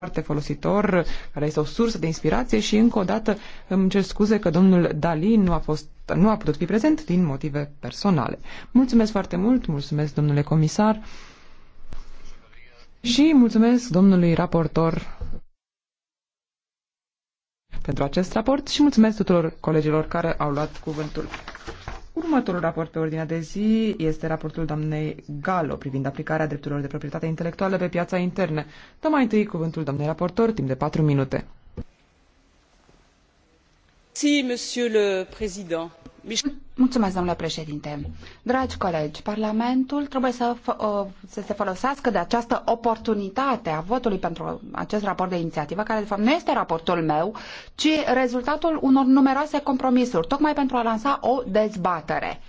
foarte folositor, care este o sursă de inspirație și încă o dată îmi cer scuze că domnul Dali nu a, fost, nu a putut fi prezent din motive personale. Mulțumesc foarte mult, mulțumesc domnule comisar și mulțumesc domnului raportor pentru acest raport și mulțumesc tuturor colegilor care au luat cuvântul. Următorul raport pe ordinea de zi este raportul doamnei Galo privind aplicarea drepturilor de proprietate intelectuală pe piața internă. Dăm mai întâi cuvântul doamnei raportor timp de patru minute. Si, monsieur le président. Mulțumesc, domnule președinte. Dragi colegi, Parlamentul trebuie să, să se folosească de această oportunitate a votului pentru acest raport de inițiativă, care de fapt nu este raportul meu, ci rezultatul unor numeroase compromisuri, tocmai pentru a lansa o dezbatere.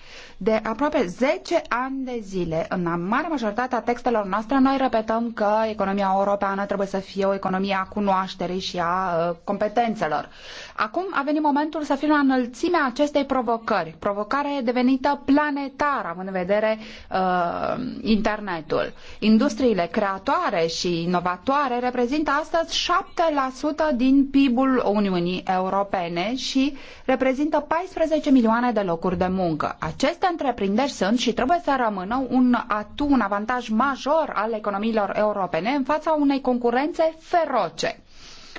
De aproape zece ani de zile, în mare majoritate a textelor noastre, noi repetăm că economia europeană trebuie să fie o economie a cunoașterii și a uh, competențelor. Acum a venit momentul să fim la înălțimea acestei provocări provocări. Provocare devenită planetară, având în vedere uh, internetul. Industriile creatoare și inovatoare reprezintă astăzi 7% din PIB-ul Uniunii Europene și reprezintă 14 milioane de locuri de muncă. Aceste întreprinderi sunt și trebuie să rămână un atu, un avantaj major al economiilor europene în fața unei concurențe feroce.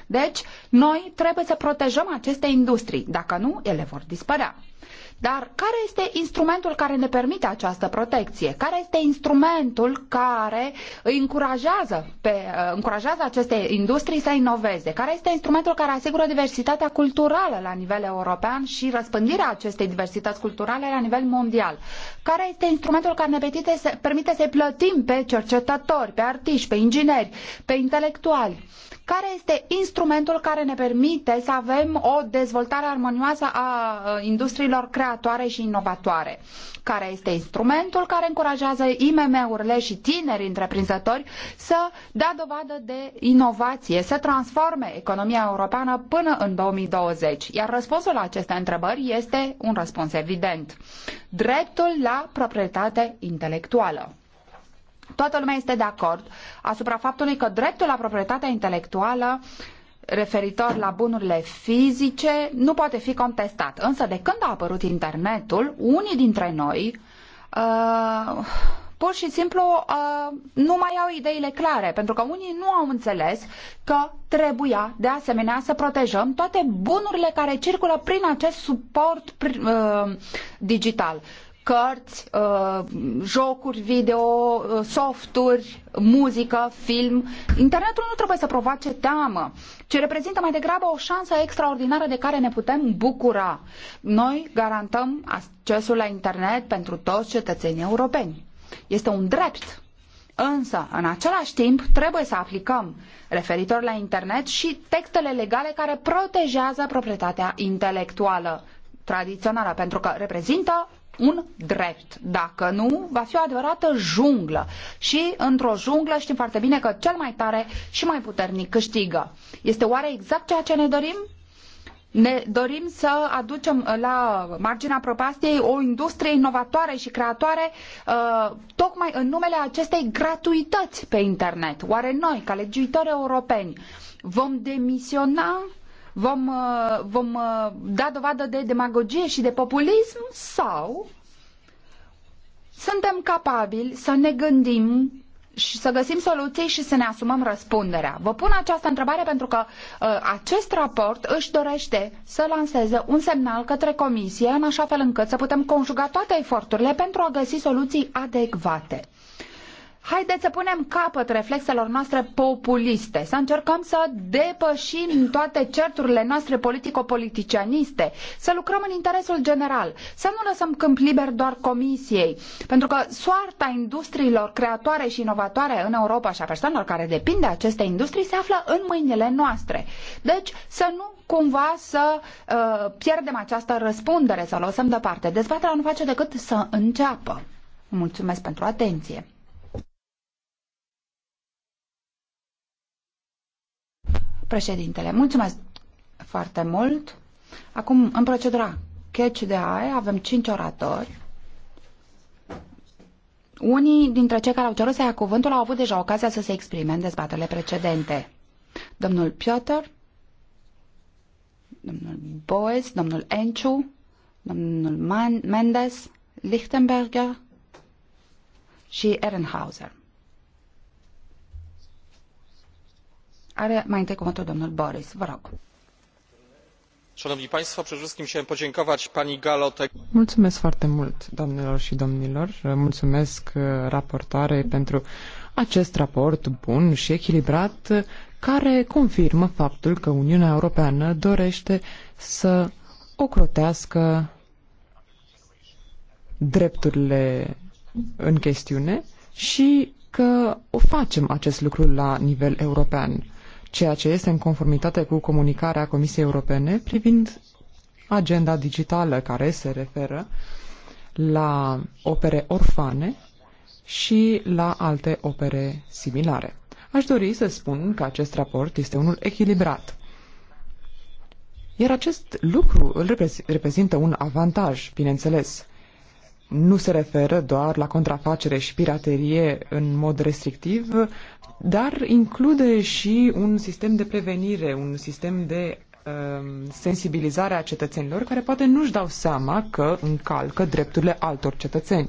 Deci, noi trebuie să protejăm aceste industrii. Dacă nu, ele vor dispărea. Dar care este instrumentul care ne permite această protecție? Care este instrumentul care îi încurajează, pe, uh, încurajează aceste industrii să inoveze? Care este instrumentul care asigură diversitatea culturală la nivel european și răspândirea acestei diversități culturale la nivel mondial? Care este instrumentul care ne permite să, permite să plătim pe cercetători, pe artiști, pe ingineri, pe intelectuali? care este instrumentul care ne permite să avem o dezvoltare armonioasă a uh, industriilor creatoare și inovatoare, care este instrumentul care încurajează IMM-urile și tineri întreprinzători să dea dovadă de inovație, să transforme economia europeană până în 2020. Iar răspunsul la aceste întrebări este un răspuns evident. Dreptul la proprietate intelectuală. Toată lumea este de acord asupra faptului că dreptul la proprietatea intelectuală referitor la bunurile fizice nu poate fi contestat. Însă de când a apărut internetul, unii dintre noi uh, pur și simplu uh, nu mai au ideile clare, pentru că unii nu au înțeles că trebuia de asemenea să protejăm toate bunurile care circulă prin acest suport uh, digital. Uh, cărți, uh, jocuri video, uh, softuri, muzică, film. Internetul nu trebuie să provoace teamă, ci reprezintă mai degrabă o șansă extraordinară de care ne putem bucura. Noi garantăm accesul la internet pentru toți cetățenii europeni. Este un drept. Însă, în același timp, trebuie să aplicăm referitor la internet și textele legale care protejează proprietatea intelectuală tradițională, pentru că reprezintă un drept. Dacă nu, va fi o adevărată junglă. Și într-o junglă știm foarte bine că cel mai tare și mai puternic câștigă. Este oare exact ceea ce ne dorim? Ne dorim să aducem la marginea propastiei o industrie inovatoare și creatoare uh, tocmai în numele acestei gratuități pe internet. Oare noi, ca legiuitori europeni, vom demisiona Vom, uh, vom uh, da dovadă de demagogie și de populism sau suntem capabili să ne gândim și să găsim soluții și să ne asumăm răspunderea. Vă pun această întrebare pentru că uh, acest raport își dorește să lanseze un semnal către Comisie în așa fel încât să putem conjuga toate eforturile pentru a găsi soluții adecvate. Haideți să punem capăt reflexelor noastre populiste, să încercăm să depășim toate certurile noastre politico-politicianiste, să lucrăm în interesul general, să nu lăsăm câmp liber doar comisiei, pentru că soarta industriilor creatoare și inovatoare în Europa și a persoanelor care depind de aceste industrii se află în mâinile noastre. Deci să nu cumva să uh, pierdem această răspundere, să o lăsăm deoparte. Dezbaterea nu face decât să înceapă. Mulțumesc pentru atenție. Președintele, mulțumesc foarte mult. Acum, în procedura catch de aia, avem cinci oratori. Unii dintre cei care au cerut să ia cuvântul au avut deja ocazia să se exprime în dezbaterile precedente. Domnul Piotr, domnul Boes, domnul Enciu, domnul Man Mendes, Lichtenberger și Ehrenhauser. Are mai întâi cuvântul domnul Boris. Vă rog. Szanowni Państwo, przede wszystkim chciałem podziękować pani Galo. Mulțumesc foarte mult, doamnelor și domnilor. Mulțumesc uh, raportoare pentru acest raport bun și echilibrat care confirmă faptul că Uniunea Europeană dorește să ocrotească drepturile în chestiune și că o facem acest lucru la nivel european ceea ce este în conformitate cu comunicarea Comisiei Europene privind agenda digitală care se referă la opere orfane și la alte opere similare. Aș dori să spun că acest raport este unul echilibrat. Iar acest lucru îl reprezintă un avantaj, bineînțeles, nu se referă doar la contrafacere și piraterie în mod restrictiv, dar include și un sistem de prevenire, un sistem de sensibilizarea um, sensibilizare a cetățenilor care poate nu-și dau seama că încalcă drepturile altor cetățeni.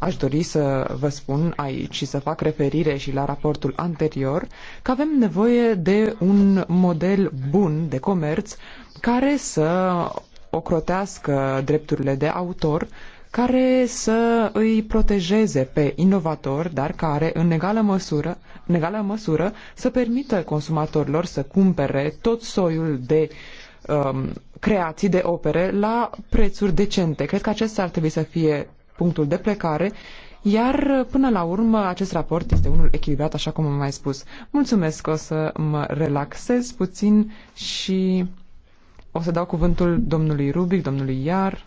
Aș dori să vă spun aici și să fac referire și la raportul anterior că avem nevoie de un model bun de comerț care să ocrotească drepturile de autor care să îi protejeze pe inovatori, dar care în egală măsură, în egală măsură să permită consumatorilor să cumpere tot soiul de um, creații de opere la prețuri decente. Cred că acesta ar trebui să fie punctul de plecare iar până la urmă, acest raport este unul echilibrat, așa cum am mai spus. Mulțumesc, o să mă relaxez puțin și o să dau cuvântul domnului Rubic, domnului Iar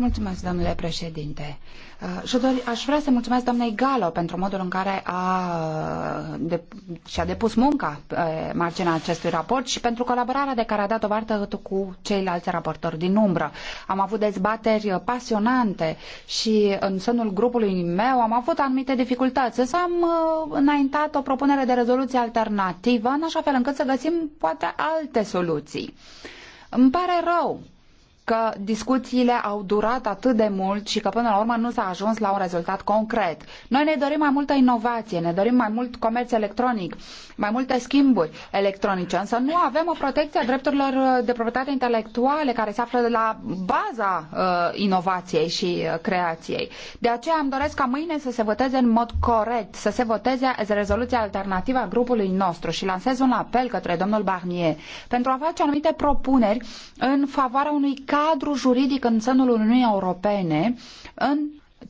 Mulțumesc, domnule președinte. Uh, și aș vrea să mulțumesc doamnei Galo pentru modul în care a, uh, de, și-a depus munca pe uh, marginea acestui raport și pentru colaborarea de care a dat o vartă cu ceilalți raportori din umbră. Am avut dezbateri pasionante și în sânul grupului meu am avut anumite dificultăți, însă am înaintat o propunere de rezoluție alternativă în așa fel încât să găsim poate alte soluții. Îmi pare rău că discuțiile au durat atât de mult și că până la urmă nu s-a ajuns la un rezultat concret. Noi ne dorim mai multă inovație, ne dorim mai mult comerț electronic, mai multe schimburi electronice, însă nu avem o protecție a drepturilor de proprietate intelectuale care se află la baza uh, inovației și uh, creației. De aceea îmi doresc ca mâine să se voteze în mod corect, să se voteze rezoluția alternativă a grupului nostru și lansez un apel către domnul Barnier pentru a face anumite propuneri în favoarea unui cadru cadru juridic în sânul Uniunii Europene în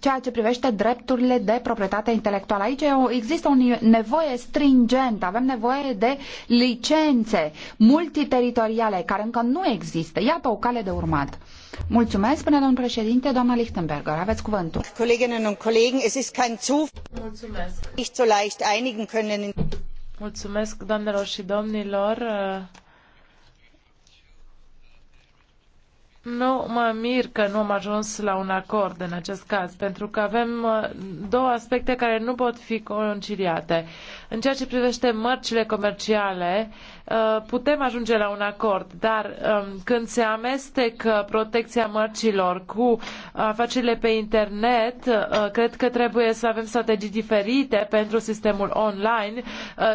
ceea ce privește drepturile de proprietate intelectuală. Aici există o nevoie stringentă, avem nevoie de licențe multiteritoriale, care încă nu există. Iată o cale de urmat. Mulțumesc, până domnul președinte, doamna Lichtenberger, aveți cuvântul. Coleginnen und Kollegen, es ist kein Mulțumesc. Mulțumesc, doamnelor și domnilor. Nu mă mir că nu am ajuns la un acord în acest caz, pentru că avem uh, două aspecte care nu pot fi conciliate. În ceea ce privește mărcile comerciale, uh, putem ajunge la un acord, dar um, când se amestecă protecția mărcilor cu afacerile pe internet, uh, cred că trebuie să avem strategii diferite pentru sistemul online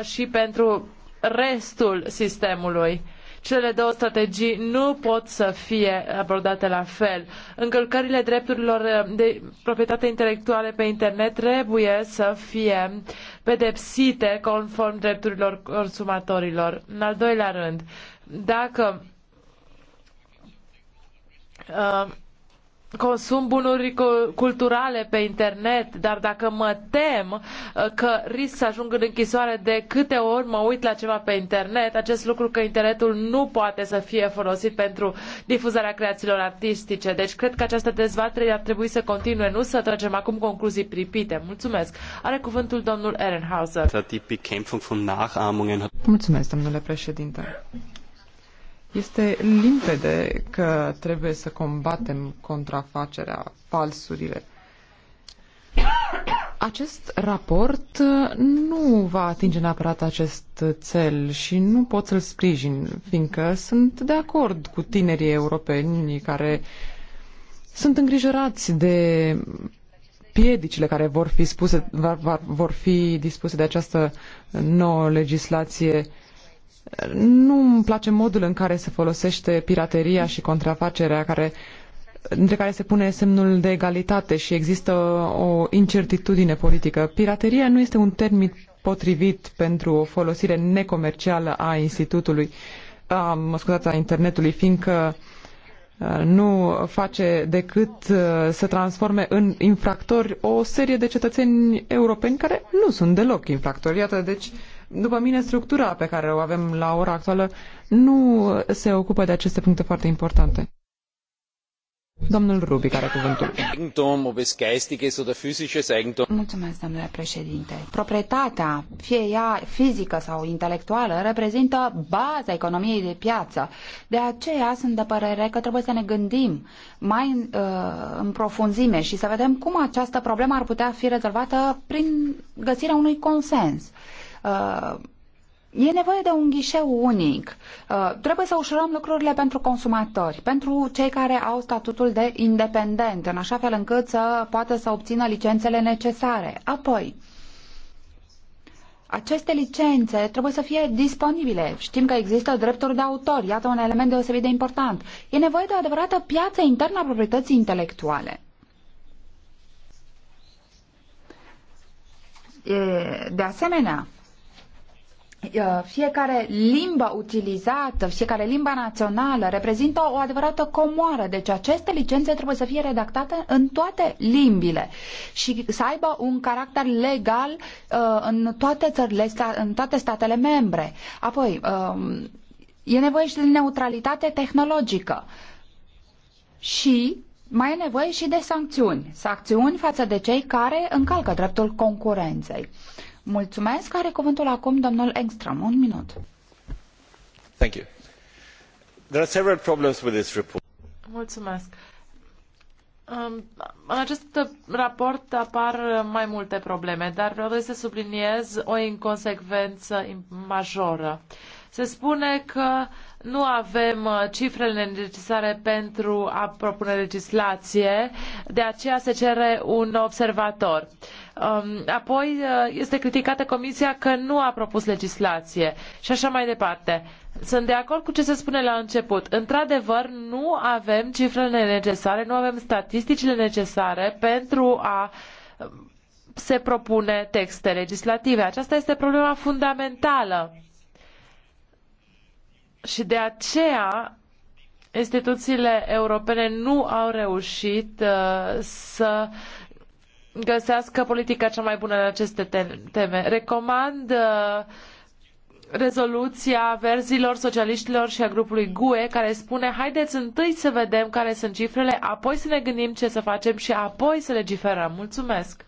și pentru restul sistemului cele două strategii nu pot să fie abordate la fel. Încălcările drepturilor de proprietate intelectuale pe internet trebuie să fie pedepsite conform drepturilor consumatorilor. În al doilea rând, dacă uh, consum bunuri culturale pe internet, dar dacă mă tem uh, că risc să ajung în închisoare de câte ori mă uit la ceva pe internet, acest lucru că internetul nu poate să fie folosit pentru difuzarea creațiilor artistice. Deci cred că această dezbatere ar trebui să continue, nu să tragem acum concluzii pripite. Mulțumesc. Are cuvântul domnul Ehrenhauser. Mulțumesc, domnule președinte. Este limpede că trebuie să combatem contrafacerea, falsurile. Acest raport nu va atinge neapărat acest cel și nu pot să-l sprijin, fiindcă sunt de acord cu tinerii europeni care sunt îngrijorați de piedicile care vor fi, spuse, vor, vor fi dispuse de această nouă legislație nu îmi place modul în care se folosește pirateria și contrafacerea care între care se pune semnul de egalitate și există o incertitudine politică. Pirateria nu este un termen potrivit pentru o folosire necomercială a institutului, a, mă scuzați, a internetului, fiindcă nu face decât să transforme în infractori o serie de cetățeni europeni care nu sunt deloc infractori. Iată, deci, după mine, structura pe care o avem la ora actuală nu se ocupă de aceste puncte foarte importante. Domnul Rubic care cuvântul. Mulțumesc, domnule președinte. Proprietatea, fie ea fizică sau intelectuală, reprezintă baza economiei de piață. De aceea sunt de părere că trebuie să ne gândim mai în, uh, în profunzime și să vedem cum această problemă ar putea fi rezolvată prin găsirea unui consens. Uh, Uh, e nevoie de un ghișeu unic. Uh, trebuie să ușurăm lucrurile pentru consumatori, pentru cei care au statutul de independent, în așa fel încât să poată să obțină licențele necesare. Apoi, aceste licențe trebuie să fie disponibile. Știm că există drepturi de autor, iată un element deosebit de important. E nevoie de o adevărată piață internă a proprietății intelectuale. de asemenea, Uh, fiecare limbă utilizată, fiecare limbă națională reprezintă o adevărată comoară. Deci aceste licențe trebuie să fie redactate în toate limbile și să aibă un caracter legal uh, în toate țările, în toate statele membre. Apoi, um, e nevoie și de neutralitate tehnologică și mai e nevoie și de sancțiuni. Sancțiuni față de cei care încalcă dreptul concurenței. Mulțumesc. Are cuvântul acum domnul Engström, Un minut. Thank you. There are several problems with this report. Mulțumesc. În acest raport apar mai multe probleme, dar vreau să subliniez o inconsecvență majoră. Se spune că nu avem uh, cifrele necesare pentru a propune legislație, de aceea se cere un observator. Um, apoi uh, este criticată Comisia că nu a propus legislație și așa mai departe. Sunt de acord cu ce se spune la început. Într-adevăr, nu avem cifrele necesare, nu avem statisticile necesare pentru a um, se propune texte legislative. Aceasta este problema fundamentală și de aceea instituțiile europene nu au reușit uh, să găsească politica cea mai bună în aceste teme. Recomand uh, rezoluția verzilor, socialiștilor și a grupului GUE care spune haideți întâi să vedem care sunt cifrele, apoi să ne gândim ce să facem și apoi să legiferăm. Mulțumesc!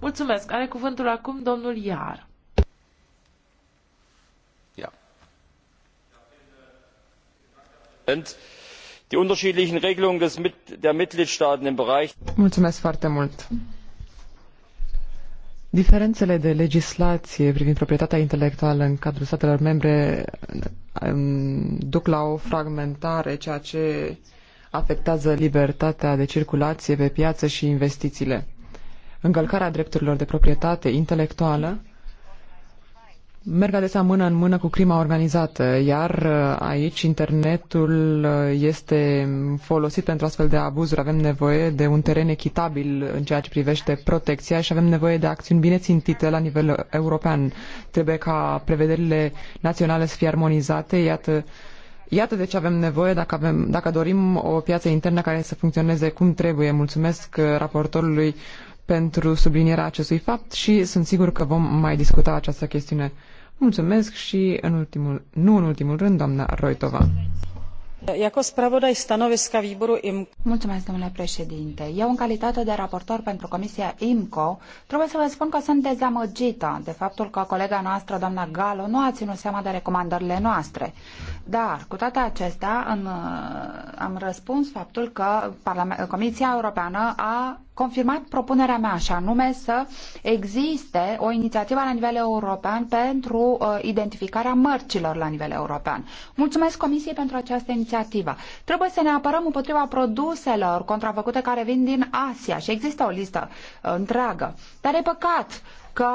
Mulțumesc! Are cuvântul acum domnul Iar. präsident! die unterschiedlichen regelungen der mitgliedstaaten im bereich. diferențele de legislație privind proprietatea intelectuală în cadrul statelor membre um, duc la o fragmentare ceea ce afectează libertatea de circulație pe piață și investițiile. încălcarea drepturilor de proprietate intelectuală merg adesea mână în mână cu crima organizată, iar uh, aici internetul uh, este folosit pentru astfel de abuzuri. Avem nevoie de un teren echitabil în ceea ce privește protecția și avem nevoie de acțiuni bine țintite la nivel uh, european. Trebuie ca prevederile naționale să fie armonizate, iată Iată de ce avem nevoie dacă, avem, dacă dorim o piață internă care să funcționeze cum trebuie. Mulțumesc raportorului pentru sublinierea acestui fapt și sunt sigur că vom mai discuta această chestiune. Mulțumesc și, în ultimul, nu în ultimul rând, doamna Roitova. Mulțumesc, domnule președinte. Eu, în calitate de raportor pentru Comisia IMCO, trebuie să vă spun că sunt dezamăgită de faptul că colega noastră, doamna Galo, nu a ținut seama de recomandările noastre. Dar, cu toate acestea, în, am răspuns faptul că Comisia Europeană a confirmat propunerea mea, și anume să existe o inițiativă la nivel european pentru uh, identificarea mărcilor la nivel european. Mulțumesc Comisiei pentru această inițiativă. Trebuie să ne apărăm împotriva produselor contrafăcute care vin din Asia și există o listă uh, întreagă. Dar e păcat că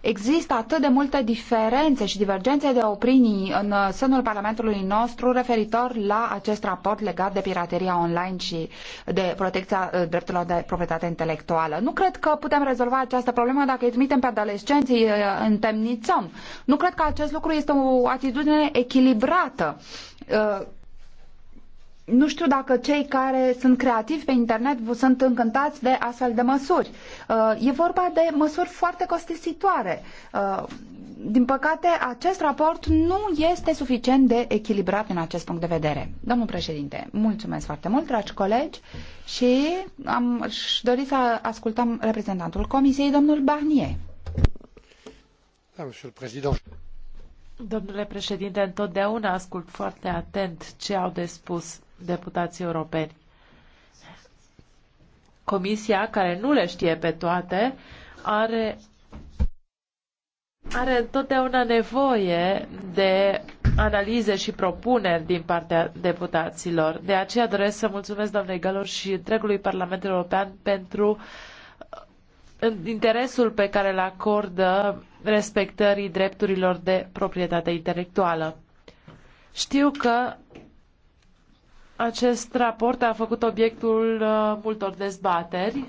există atât de multe diferențe și divergențe de opinii în sânul Parlamentului nostru referitor la acest raport legat de pirateria online și de protecția uh, drepturilor de proprietate intelectuală. Nu cred că putem rezolva această problemă dacă îi trimitem pe adolescenții, uh, întemnițăm. Nu cred că acest lucru este o atitudine echilibrată uh, nu știu dacă cei care sunt creativi pe internet sunt încântați de astfel de măsuri. Uh, e vorba de măsuri foarte costisitoare. Uh, din păcate, acest raport nu este suficient de echilibrat în acest punct de vedere. Domnul președinte, mulțumesc foarte mult, dragi colegi, și am dorit să ascultăm reprezentantul Comisiei, domnul Barnier. Da, Domnule președinte, întotdeauna ascult foarte atent ce au de spus deputații europeni. Comisia, care nu le știe pe toate, are, are întotdeauna nevoie de analize și propuneri din partea deputaților. De aceea doresc să mulțumesc doamnei Galor și întregului Parlament European pentru interesul pe care îl acordă respectării drepturilor de proprietate intelectuală. Știu că acest raport a făcut obiectul uh, multor dezbateri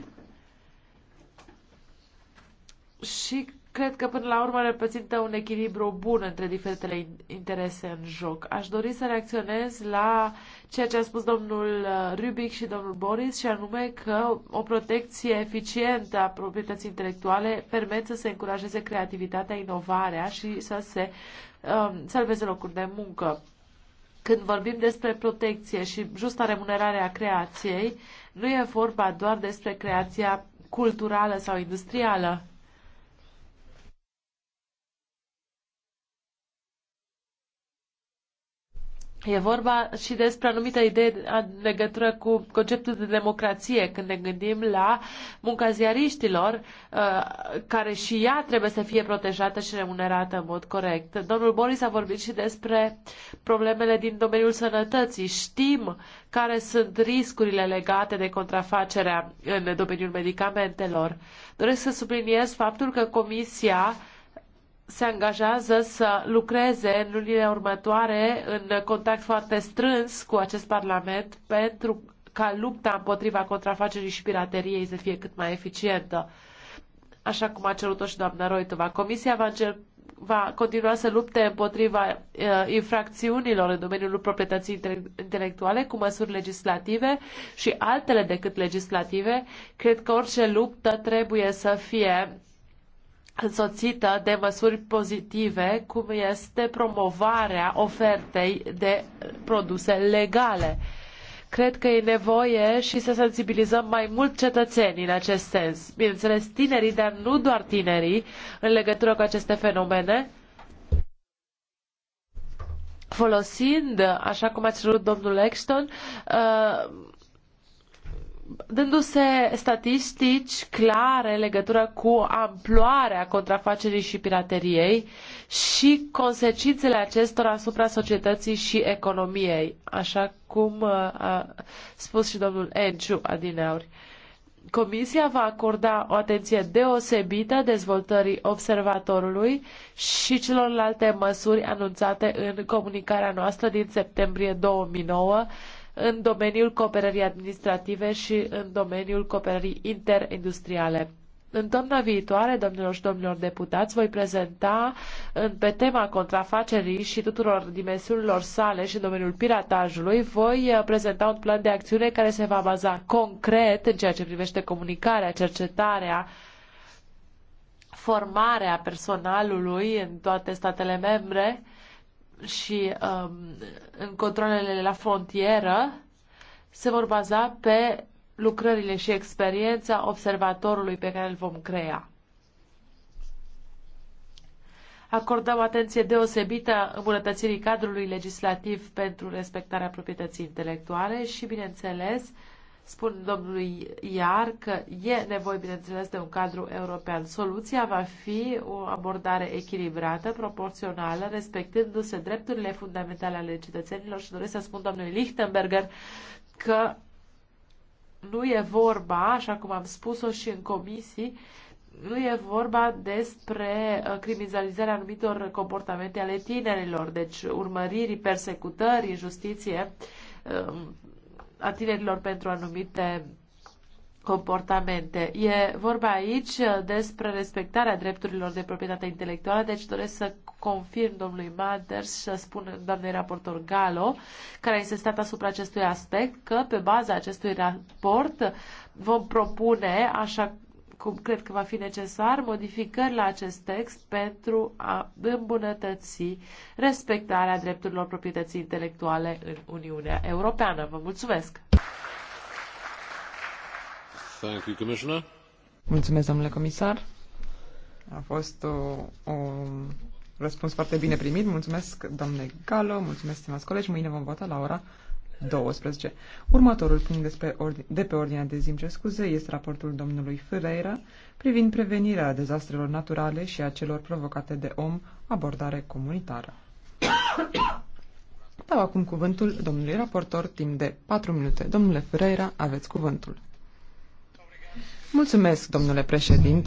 și cred că până la urmă reprezintă un echilibru bun între diferitele interese în joc. Aș dori să reacționez la ceea ce a spus domnul uh, Rubic și domnul Boris și anume că o protecție eficientă a proprietății intelectuale permite să se încurajeze creativitatea, inovarea și să se um, salveze locuri de muncă. Când vorbim despre protecție și justa remunerare a creației, nu e vorba doar despre creația culturală sau industrială. E vorba și despre anumită idee în legătură cu conceptul de democrație, când ne gândim la munca ziariștilor, uh, care și ea trebuie să fie protejată și remunerată în mod corect. Domnul Boris a vorbit și despre problemele din domeniul sănătății. Știm care sunt riscurile legate de contrafacerea în domeniul medicamentelor. Doresc să subliniez faptul că Comisia se angajează să lucreze în lunile următoare în contact foarte strâns cu acest Parlament pentru ca lupta împotriva contrafacerii și pirateriei să fie cât mai eficientă. Așa cum a cerut-o și doamna Roitova. Comisia va, încerc, va continua să lupte împotriva uh, infracțiunilor în domeniul proprietății intelectuale cu măsuri legislative și altele decât legislative. Cred că orice luptă trebuie să fie însoțită de măsuri pozitive, cum este promovarea ofertei de produse legale. Cred că e nevoie și să sensibilizăm mai mult cetățenii în acest sens. Bineînțeles, tinerii, dar nu doar tinerii, în legătură cu aceste fenomene, folosind, așa cum a cerut domnul Exton, uh, dându-se statistici clare în legătură cu amploarea contrafacerii și pirateriei și consecințele acestora asupra societății și economiei, așa cum uh, a spus și domnul Enciu adineauri. Comisia va acorda o atenție deosebită dezvoltării observatorului și celorlalte măsuri anunțate în comunicarea noastră din septembrie 2009 în domeniul cooperării administrative și în domeniul cooperării interindustriale. În toamna viitoare, domnilor și domnilor deputați, voi prezenta în, pe tema contrafacerii și tuturor dimensiunilor sale și în domeniul piratajului, voi uh, prezenta un plan de acțiune care se va baza concret în ceea ce privește comunicarea, cercetarea, formarea personalului în toate statele membre, și um, în controlele la frontieră se vor baza pe lucrările și experiența observatorului pe care îl vom crea. Acordăm atenție deosebită îmbunătățirii cadrului legislativ pentru respectarea proprietății intelectuale și, bineînțeles, spun domnului Iar că e nevoie, bineînțeles, de un cadru european. Soluția va fi o abordare echilibrată, proporțională, respectându-se drepturile fundamentale ale cetățenilor și doresc să spun domnului Lichtenberger că nu e vorba, așa cum am spus-o și în comisii, nu e vorba despre uh, criminalizarea anumitor comportamente ale tinerilor, deci urmăririi, persecutării, justiție, um, a tinerilor pentru anumite comportamente. E vorba aici despre respectarea drepturilor de proprietate intelectuală, deci doresc să confirm domnului Manders și să spun doamnei raportor Galo, care a insistat asupra acestui aspect, că pe baza acestui raport vom propune, așa cum cred că va fi necesar, modificări la acest text pentru a îmbunătăți respectarea drepturilor proprietății intelectuale în Uniunea Europeană. Vă mulțumesc! Thank you, Commissioner. Mulțumesc, domnule comisar. A fost o răspuns foarte bine primit. Mulțumesc, domnule Galo, mulțumesc, stimați colegi. Mâine vom vota la ora 12. Următorul punct ordine, de pe ordinea de zi, îmi scuze, este raportul domnului Ferreira privind prevenirea dezastrelor naturale și a celor provocate de om, abordare comunitară. Dau acum cuvântul domnului raportor timp de 4 minute. Domnule Ferreira, aveți cuvântul. Mulțumesc, domnule președinte.